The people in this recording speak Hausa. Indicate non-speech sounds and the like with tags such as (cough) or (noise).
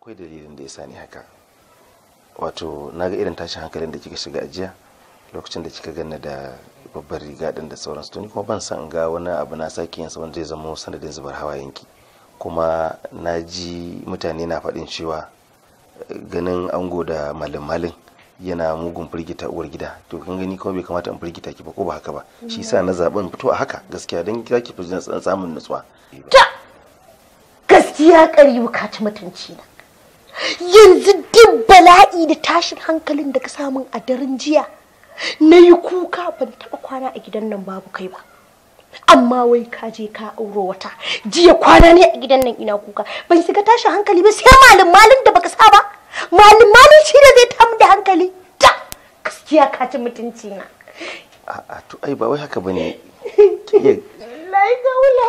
akwai dalilin da ya sani haka wato na ga irin tashin hankalin da kika shiga ajiya lokacin da kika ganna da babbar riga din da sauransu to ni kuma ban san ga wani abu na sake yin sabon zai zama sanadin zubar hawayenki kuma na ji mutane na faɗin cewa ganin ango da malin malin yana mugun firgita uwar gida to kun gani kuma bai kamata in firgita ki ba ko ba haka ba shi sa na zaben fito a haka gaskiya don za ki fi samun nutsuwa ta gaskiya ƙari buƙaci mutunci na yanzu duk bala'i da tashin hankalin da ka samun a daren jiya na yi kuka ban taba kwana a gidan nan babu kai ba amma wai ka je ka auro wata jiya kwana ne a gidan nan ina kuka ban shiga tashin hankali ba sai malin malin da baka sa ba malin malin shi ne zai tamu da hankali ta gaskiya ka ci mutunci na a'a to ai ba wai haka bane (laughs) lai ga